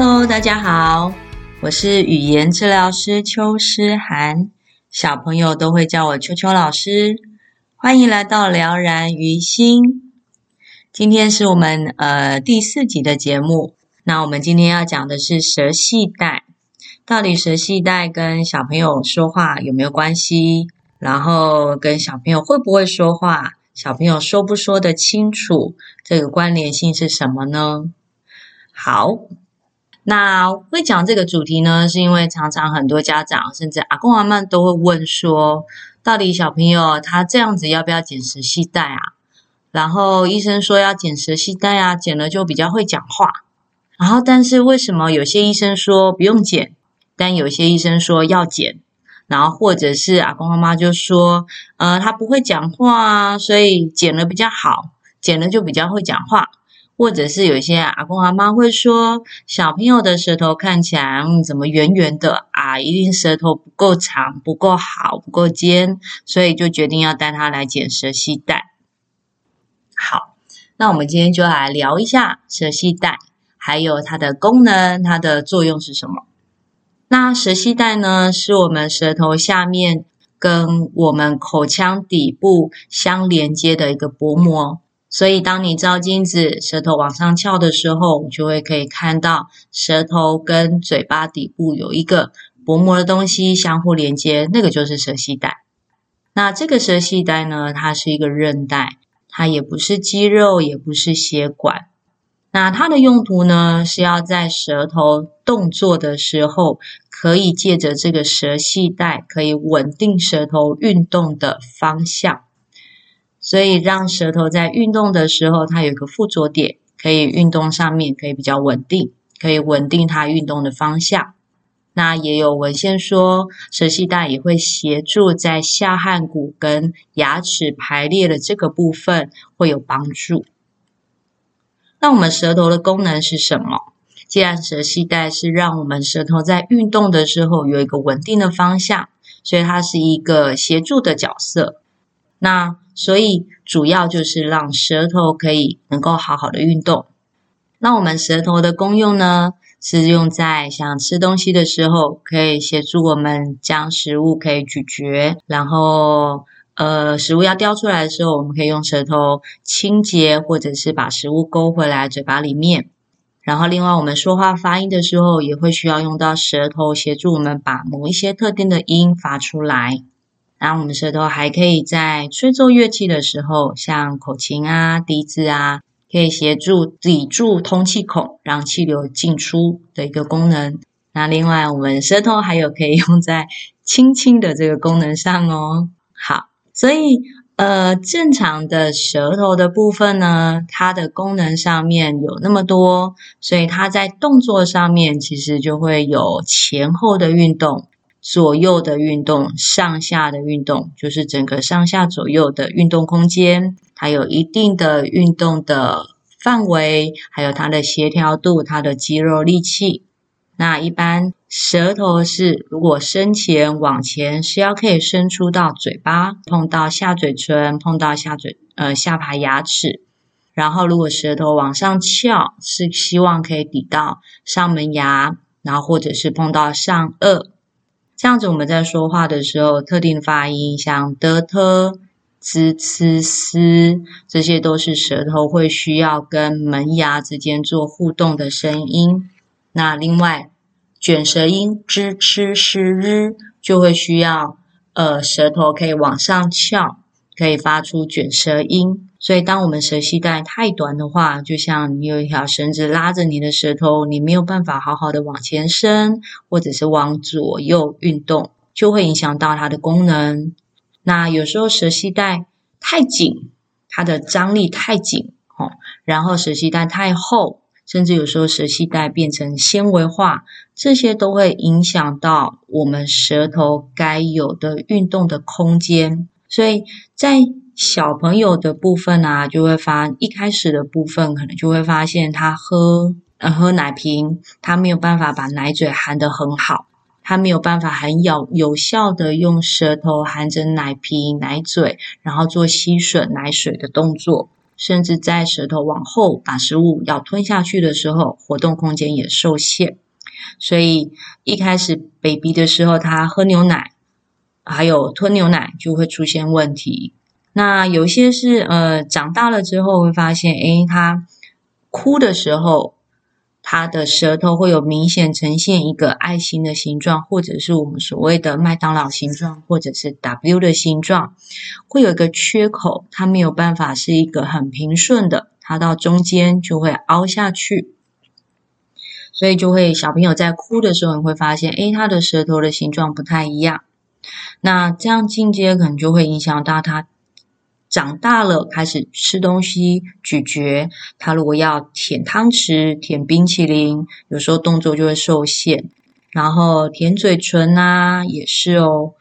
Hello，大家好，我是語言治療師邱詩涵，小朋友都會叫我邱邱老師。歡迎來到療燃於心。今天是我們呃第四集的節目。那我們今天要講的是舌繫帶，到底舌繫帶跟小朋友說話有沒有關係？然後跟小朋友會不會說話，小朋友說不說得清楚，這個關聯性是什麼呢？好。那會講這個主題呢，是因為常常很多家長甚至阿公阿嬤，都會問說，到底小朋友他這樣子要不要剪舌繫帶啊？然後醫生說要剪舌繫帶啊，剪了就比較會講話。然後但是為什麼有些醫生說不用剪，但有些醫生說要剪？然後或者是阿公阿嬤就說，呃，他不會講話，啊，所以剪了比較好，剪了就比較會講話。或者是有些阿公阿媽會說，小朋友的舌頭看起來怎麼圓圓的啊？一定舌頭不夠長、不夠好、不夠尖，所以就決定要帶他來剪舌繫帶。好，那我們今天就來聊一下舌繫帶，還有它的功能、它的作用是什麼？那舌繫帶呢，是我們舌頭下面跟我們口腔底部相連接的一個薄膜。所以，當你照鏡子，舌頭往上翹的時候，你就會可以看到舌頭跟嘴巴底部有一個薄膜的東西相互連接，那個就是舌繫帶。那這個舌繫帶呢，它是一個韌帶，它也不是肌肉，也不是血管。那它的用途呢，是要在舌頭動作的時候，可以借着這個舌繫帶，可以穩定舌頭運動的方向。所以，讓舌頭在運動的時候，它有一個附着點，可以運動上面，可以比較穩定，可以穩定它運動的方向。那也有文獻說，舌繫帶也會協助在下頜骨跟牙齒排列的這個部分會有幫助。那我們舌頭的功能是什麼？既然舌繫帶是讓我們舌頭在運動的時候有一個穩定的方向，所以它是一個協助的角色。那所以主要就是讓舌頭可以能夠好好的運動。那我們舌頭的功用呢，是用在想吃東西的時候，可以協助我們將食物可以咀嚼，然後呃食物要掉出來的時候，我們可以用舌頭清潔，或者是把食物勾回來嘴巴裡面。然後另外我們說話發音的時候，也會需要用到舌頭協助我們把某一些特定的音發出來。然後我們舌頭還可以在吹奏樂器的時候，像口琴啊、笛子啊，可以協助抵住通氣孔，讓氣流進出的一個功能。那另外，我們舌頭還有可以用在親親的這個功能上哦。好，所以呃，正常的舌頭的部分呢，它的功能上面有那麼多，所以它在動作上面其實就會有前後的運動。左右的運動，上下的運動，就是整個上下左右的運動空間，它有一定的運動的範圍，還有它的協調度，它的肌肉力氣。那一般舌頭是，如果伸前往前，是要可以伸出到嘴巴，碰到下嘴唇，碰到下嘴，呃，下排牙齒，然後如果舌頭往上翹，是希望可以抵到上門牙，然後或者是碰到上顎。這樣子我們在說話的時候，特定的發音像德、特、支、吃、思，這些都是舌頭會需要跟門牙之間做互動的聲音。那另外捲舌音支、吃、思、日就會需要呃舌頭可以往上翹。可以發出卷舌音，所以當我們舌繫帶太短的話，就像你有一條繩子拉着你的舌頭，你沒有辦法好好的往前伸，或者是往左右運動，就會影響到它的功能。那有時候舌繫帶太緊，它的張力太緊哦，然後舌繫帶太厚，甚至有時候舌繫帶變成纖維化，這些都會影響到我們舌頭該有的運動的空間。所以在小朋友的部分啊，就會發一開始的部分，可能就會發現他喝呃喝奶瓶，他沒有辦法把奶嘴含得很好，他沒有辦法很有有效的用舌頭含着奶瓶奶嘴，然後做吸吮奶水的動作，甚至在舌頭往後把食物要吞下去的時候，活動空間也受限。所以一開始 baby 的時候，他喝牛奶。還有吞牛奶就會出現問題。那有些是呃，長大了之後會發現，誒，他哭的時候，他的舌頭會有明顯呈現一個愛心的形狀，或者是我們所謂的麥當勞形狀，或者是 W 的形狀，會有一個缺口，它沒有辦法是一個很平順的，它到中間就會凹下去，所以就會小朋友在哭的時候，你會發現，哎，他的舌頭的形狀不太一樣。那這樣進階可能就會影響到他長大了開始吃東西咀嚼。他如果要舔湯匙、舔冰淇淋，有時候動作就會受限。然後舔嘴唇啊，也是哦。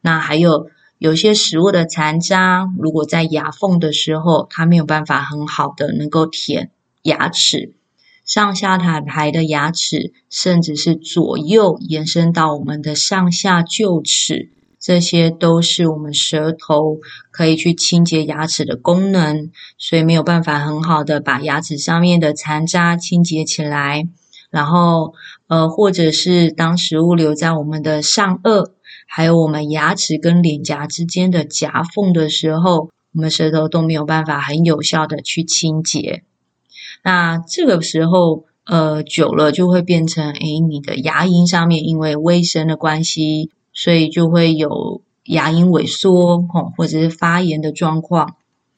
那還有有些食物的殘渣，如果在牙縫的時候，他沒有辦法很好的能夠舔牙齒。上下塔牌的牙齒，甚至是左右延伸到我們的上下臼齒，這些都是我們舌頭可以去清潔牙齒的功能，所以沒有辦法很好的把牙齒上面的殘渣清潔起來。然後，呃，或者是當食物留在我們的上顎，還有我們牙齒跟臉頰之間的夾縫的時候，我們舌頭都沒有辦法很有效的去清潔。那這個時候，呃，久了就會變成，誒，你的牙齦上面因為衛生的關係，所以就會有牙齦萎縮，吼，或者是發炎的狀況。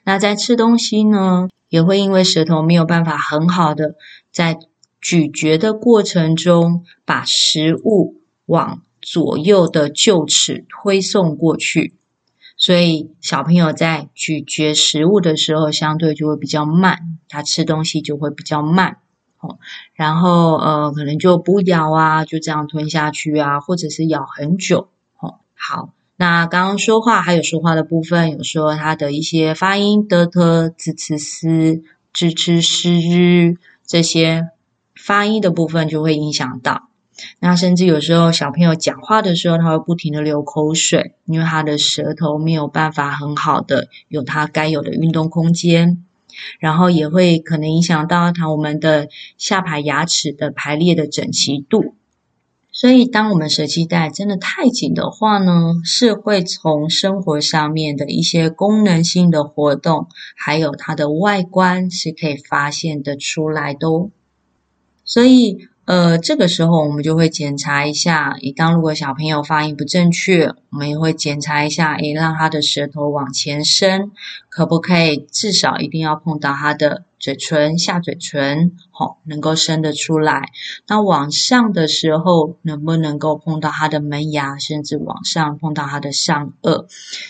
那在吃東西呢，也會因為舌頭沒有辦法很好的在咀嚼的過程中，把食物往左右的臼齒推送過去。所以小朋友在咀嚼食物的時候，相對就會比較慢，他吃東西就會比較慢，哦，然後呃，可能就不咬啊，就這樣吞下去啊，或者是咬很久，哦，好，那剛剛說話還有說話的部分，有說他的一些發音的特自茲斯自茲斯日這些發音的部分就會影響到。那甚至有時候小朋友講話的時候，他會不停地流口水，因為他的舌頭沒有辦法很好的有他該有的運動空間，然後也會可能影響到他我們的下排牙齒的排列的整齊度。所以，當我們舌繫帶真的太緊的話呢，是會從生活上面的一些功能性的活動，還有它的外觀是可以發現的出來的哦。所以。呃，這個時候我們就會檢查一下。你當如果小朋友發音不正確，我們也會檢查一下，誒、哎、讓他的舌頭往前伸，可不可以？至少一定要碰到他的嘴唇、下嘴唇，好、哦，能夠伸得出來。那往上的時候，能不能夠碰到他的門牙，甚至往上碰到他的上顎？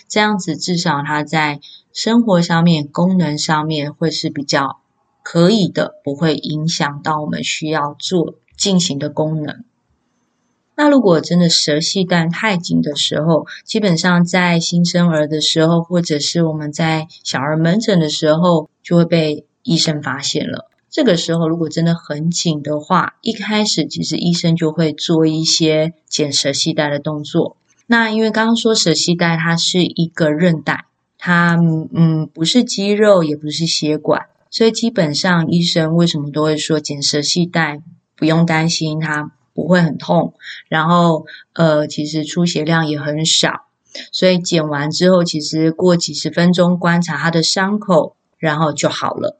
這樣子至少他在生活上面、功能上面會是比較可以的，不會影響到我們需要做。進行的功能。那如果真的舌繫帶太緊的時候，基本上在新生兒的時候，或者是我們在小兒門診的時候，就會被醫生發現了。這個時候如果真的很緊的話，一開始其實醫生就會做一些剪舌繫帶的動作。那因為剛剛說舌繫帶它是一個韌帶，它嗯不是肌肉，也不是血管，所以基本上醫生為什麼都會說剪舌繫帶？不用擔心，它不會很痛。然後，呃，其實出血量也很少，所以剪完之後，其實過幾十分鐘觀察它的傷口，然後就好了。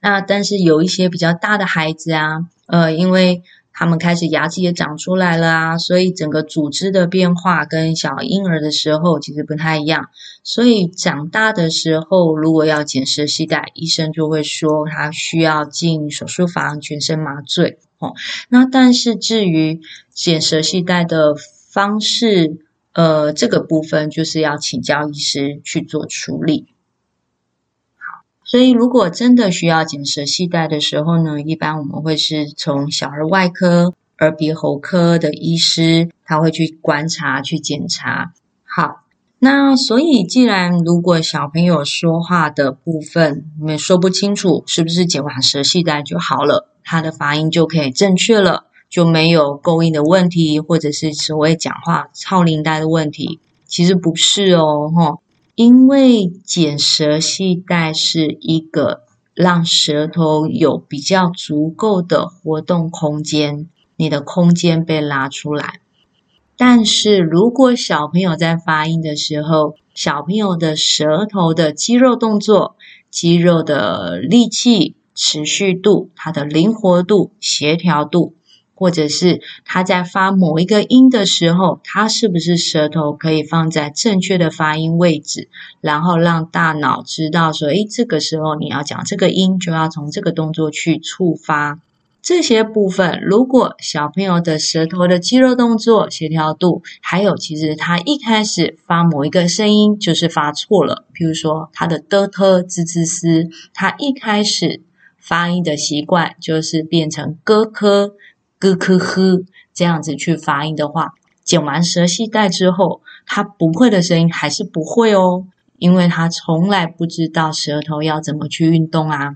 那但是有一些比較大的孩子啊，呃，因為他們開始牙齒也長出來了啊，所以整個組織的變化跟小嬰兒的時候其實不太一樣。所以長大的時候，如果要剪舌繫帶，醫生就會說他需要進手術房，全身麻醉。哦，那但是至於剪舌繫帶的方式，呃，這個部分就是要請教醫師去做處理。所以，如果真的需要剪舌繫帶的時候呢，一般我們會是從小兒外科、耳鼻喉科的醫師，他會去觀察、去檢查。好，那所以，既然如果小朋友說話的部分你們說不清楚，是不是剪完舌繫帶就好了，他的發音就可以正確了，就沒有構音的問題，或者是所謂講話臭乳呆的問題，其實不是哦，齁。因為剪舌繫帶是一個讓舌頭有比較足夠的活動空間，你的空間被拉出來。但是如果小朋友在發音的時候，小朋友的舌頭的肌肉動作、肌肉的力氣、持續度、它的靈活度、協調度。或者是他在發某一個音的時候，他是不是舌頭可以放在正確的發音位置，然後讓大腦知道說，哎，這個時候你要講這個音，就要從這個動作去觸發這些部分。如果小朋友的舌頭的肌肉動作協調度，還有其實他一開始發某一個聲音就是發錯了，比如說他的嘚特茲茲嘶，他一開始發音的習慣就是變成咯科。咯咯咯，這樣子去發音的話，剪完舌系帶之後，他不會的聲音還是不會哦，因為他從來不知道舌頭要怎麼去運動啊。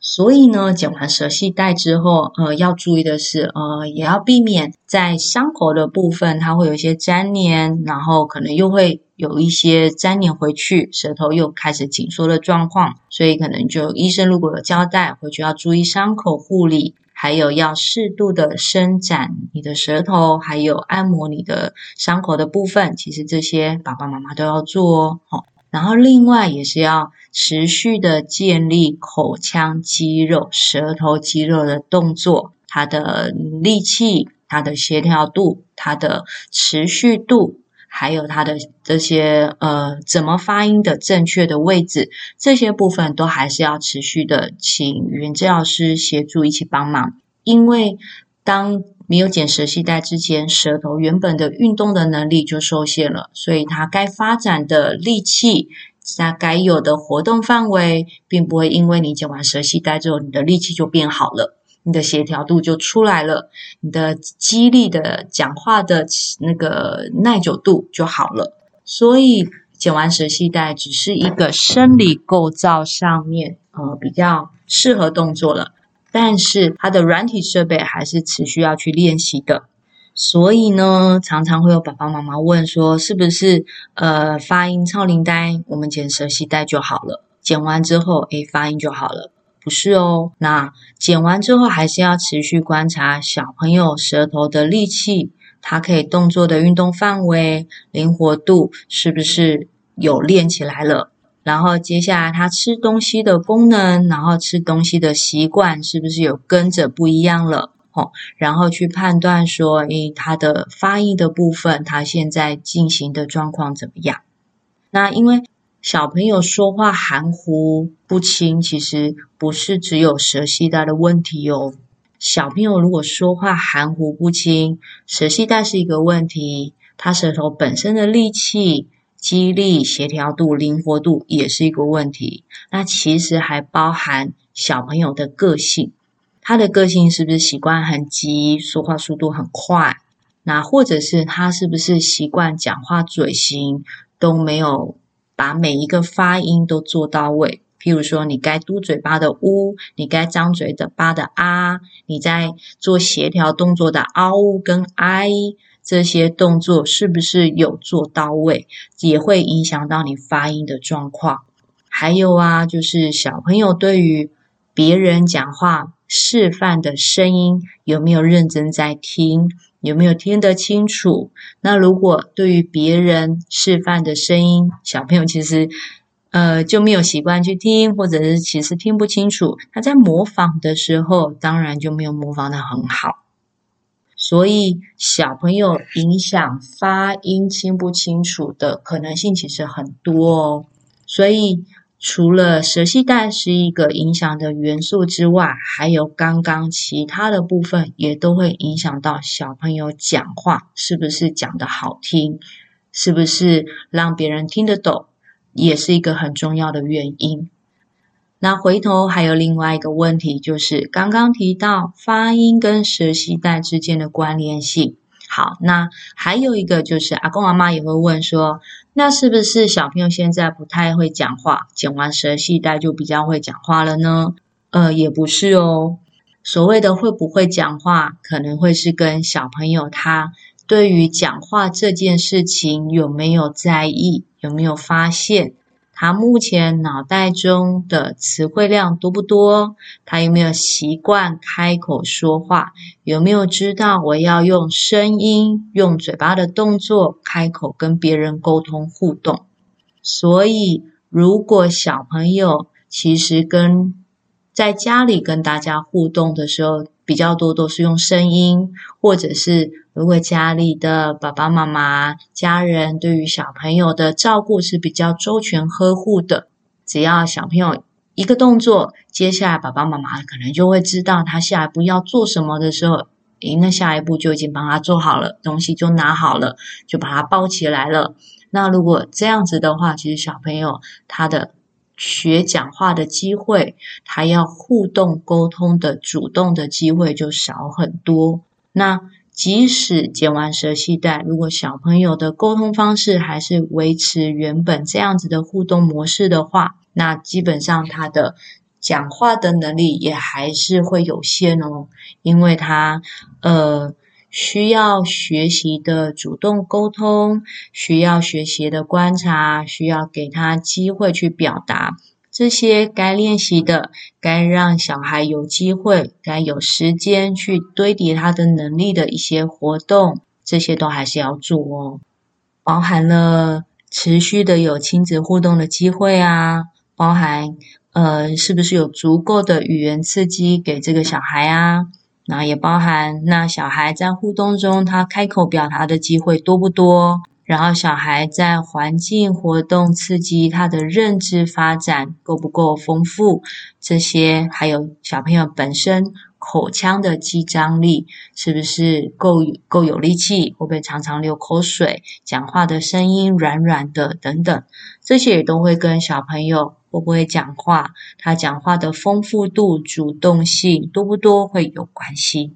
所以呢，剪完舌系帶之後，呃，要注意的是，呃，也要避免在傷口的部分，它會有一些粘連，然後可能又會有一些粘連回去，舌頭又開始緊縮的狀況。所以可能就醫生如果有交代，回去要注意傷口護理。還有要適度的伸展你的舌頭，還有按摩你的傷口的部分，其實這些爸爸媽媽都要做哦。好，然後另外也是要持續的建立口腔肌肉、舌頭肌肉的動作，它的力氣、它的協調度、它的持續度。還有他的這些呃，怎麼發音的正確的位置，這些部分都還是要持續的，請語言治療師協助一起幫忙。因為當沒有剪舌繫帶之前，舌頭原本的運動的能力就受限了，所以它該發展的力氣，它該有的活動範圍，並不會因為你剪完舌繫帶之後，你的力氣就變好了，你的協調度就出來了，你的肌力的講話的那個耐久度就好了。所以剪完舌繫帶只是一個生理構造上面呃比較適合動作了，但是它的軟體設備還是持續要去練習的。所以呢，常常會有爸爸媽媽問說，是不是呃發音臭奶呆，我們剪舌繫帶就好了？剪完之後，哎，發音就好了。不是哦，那剪完之後還是要持續觀察小朋友舌頭的力氣，他可以動作的運動範圍、靈活度是不是有練起來了？然後接下來他吃東西的功能，然後吃東西的習慣是不是有跟着不一樣了？吼，然後去判斷說，誒、哎、他的發音的部分，他現在進行的狀況怎麼樣？那因為。小朋友說話含糊不清，其實不是只有舌繫帶的問題哦。小朋友如果說話含糊不清，舌繫帶是一個問題，他舌頭本身的力氣、肌力、協調度、靈活度也是一個問題。那其實還包含小朋友的個性，他的個性是不是習慣很急，說話速度很快？那或者是他是不是習慣講話嘴型都沒有？把每一個發音都做到位，譬如說，你該嘟嘴巴的嗚，你該張嘴的巴的啊，你在做協調動作的嗷跟哀，這些動作是不是有做到位，也會影響到你發音的狀況。還有啊，就是小朋友對於別人講話示範的聲音有沒有認真在聽？有沒有聽得清楚？那如果對於別人示範的聲音，小朋友其實，呃，就沒有習慣去聽，或者是其實聽不清楚，他在模仿的時候，當然就沒有模仿得很好。所以小朋友影響發音清不清楚的可能性，其實很多哦。所以。除了舌繫帶是一個影響的元素之外，還有剛剛其他的部分也都會影響到小朋友講話是不是講得好聽，是不是讓別人聽得懂，也是一個很重要的原因。那回頭還有另外一個問題，就是剛剛提到發音跟舌繫帶之間的關聯性。好，那還有一個就是阿公阿媽也會問說。那是不是小朋友現在不太會講話，剪完舌繫帶就比較會講話了呢？呃，也不是哦。所謂的會不會講話，可能會是跟小朋友他對於講話這件事情有沒有在意，有沒有發現。他目前腦袋中的詞彙量多不多？他有沒有習慣開口說話？有沒有知道我要用聲音、用嘴巴的動作開口跟別人溝通互動？所以，如果小朋友其實跟在家裡跟大家互動的時候，比較多都是用聲音，或者是如果家裡的爸爸媽媽、家人對於小朋友的照顧是比較周全、呵護的，只要小朋友一個動作，接下來爸爸媽媽可能就會知道他下一步要做什麼的時候，誒，那下一步就已經幫他做好了，東西就拿好了，就把他抱起來了。那如果這樣子的話，其實小朋友他的。學講話的機會，他要互動溝通的主動的機會就少很多。那即使剪完舌繫帶，如果小朋友的溝通方式還是維持原本這樣子的互動模式的話，那基本上他的講話的能力也還是會有限哦，因為他呃。需要學習的主動溝通，需要學習的觀察，需要給他機會去表達，這些該練習的，該讓小孩有機會，該有時間去堆疊他的能力的一些活動，這些都還是要做哦。包含了持續的有親子互動的機會啊，包含呃，是不是有足夠的語言刺激給這個小孩啊。那也包含那小孩在互動中，他開口表達的機會多不多？然後小孩在環境活動刺激他的認知發展夠不夠豐富？這些還有小朋友本身口腔的肌張力是不是夠夠有力氣？會不會常常流口水？講話的聲音軟軟的等等，這些也都會跟小朋友。會不會講話？他講話的豐富度、主動性多不多，會有關係。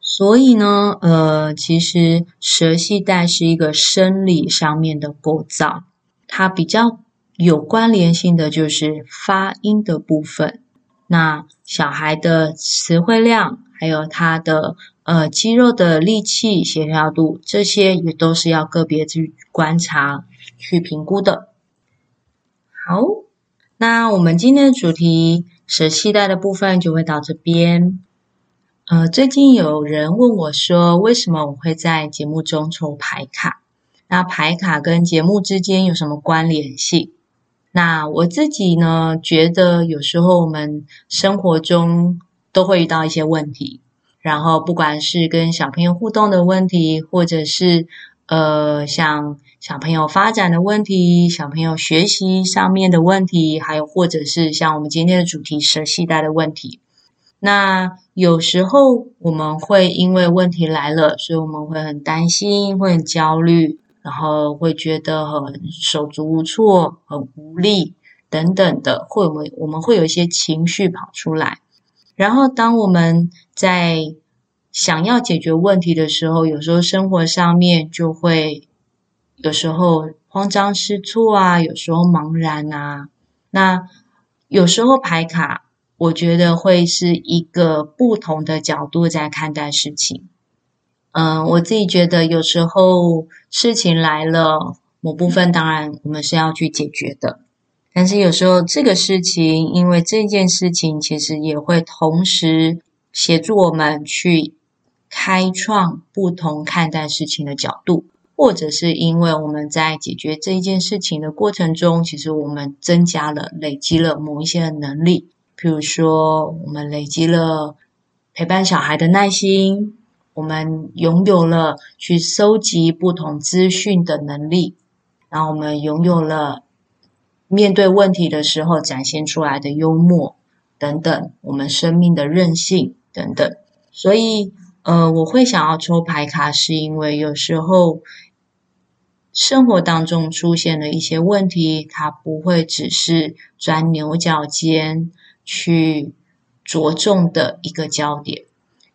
所以呢，呃，其實舌繫帶是一個生理上面的構造，它比較有關聯性的就是發音的部分。那小孩的詞彙量，還有他的呃肌肉的力氣、協調度，這些也都是要個別去觀察、去評估的。好。那我們今天的主題，舌繫帶的部分就會到這邊。呃，最近有人問我說，為什麼我會在節目中抽牌卡？那牌卡跟節目之間有什麼關聯性？那我自己呢，覺得有時候我們生活中都會遇到一些問題，然後不管是跟小朋友互動的問題，或者是呃，像。小朋友發展的問題，小朋友學習上面的問題，還有或者是像我們今天的主題，舌繫帶的問題。那有時候我們會因為問題來了，所以我們會很擔心，會很焦慮，然後會覺得很手足無措、很無力等等的，會我們我們會有一些情緒跑出來。然後，當我們在想要解決問題的時候，有時候生活上面就會。有時候慌張失措啊，有時候茫然啊。那有時候排卡，我覺得會是一個不同的角度在看待事情。嗯，我自己覺得有時候事情來了，某部分當然我們是要去解決的，但是有時候這個事情，因為這件事情其實也會同時協助我們去開創不同看待事情的角度。或者是因為我們在解決這一件事情的過程中，其實我們增加了、累積了某一些的能力，比如說我們累積了陪伴小孩的耐心，我們擁有了去蒐集不同資訊的能力，然後我們擁有了面對問題的時候展現出來的幽默等等，我們生命的韌性等等。所以，呃，我會想要抽牌卡，是因為有時候。生活當中出現的一些問題，它不會只是鑽牛角尖去着重的一個焦點。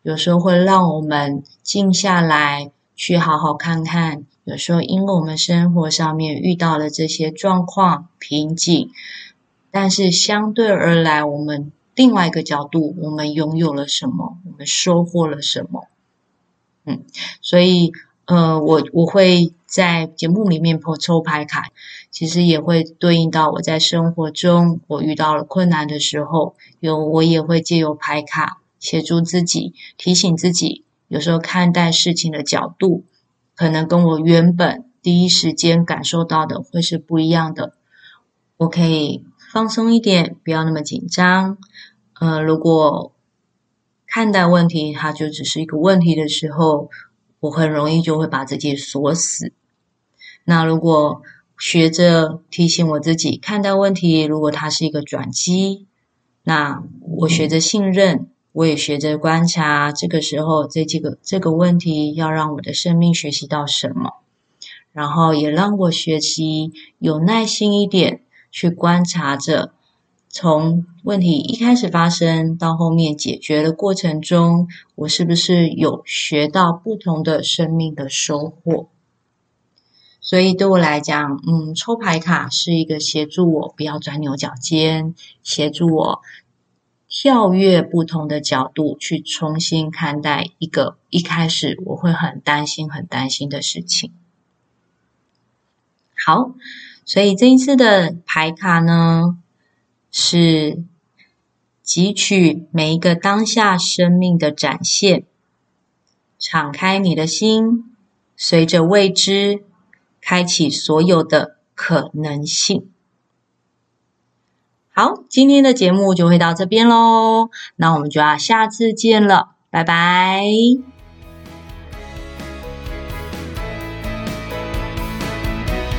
有時候會讓我們靜下來去好好看看。有時候，因為我們生活上面遇到了這些狀況、瓶頸，但是相對而來，我們另外一個角度，我們擁有了什麼？我們收穫了什麼？嗯，所以，呃，我我會。在節目裡面抽牌卡，其實也會對應到我在生活中，我遇到了困難的時候，有我也會借由牌卡協助自己，提醒自己，有時候看待事情的角度，可能跟我原本第一時間感受到的會是不一樣的。我可以放鬆一點，不要那麼緊張。呃，如果看待問題，它就只是一個問題的時候。我很容易就會把自己鎖死。那如果學着提醒我自己，看待問題，如果它是一個轉機，那我學着信任，我也學着觀察。這個時候，這幾個這個問題要讓我的生命學習到什麼，然後也讓我學習有耐心一點去觀察着。從問題一開始發生到後面解決的過程中，我是不是有學到不同的生命的收穫？所以對我來講，嗯，抽牌卡是一個協助我不要鑽牛角尖，協助我跳躍不同的角度去重新看待一個一開始我會很擔心、很擔心的事情。好，所以這一次的牌卡呢，是汲取每一個當下生命的展現，敞開你的心，隨着未知，開啟所有的可能性。好，今天的節目就會到這邊嘍。那我們就要下次見了，拜拜。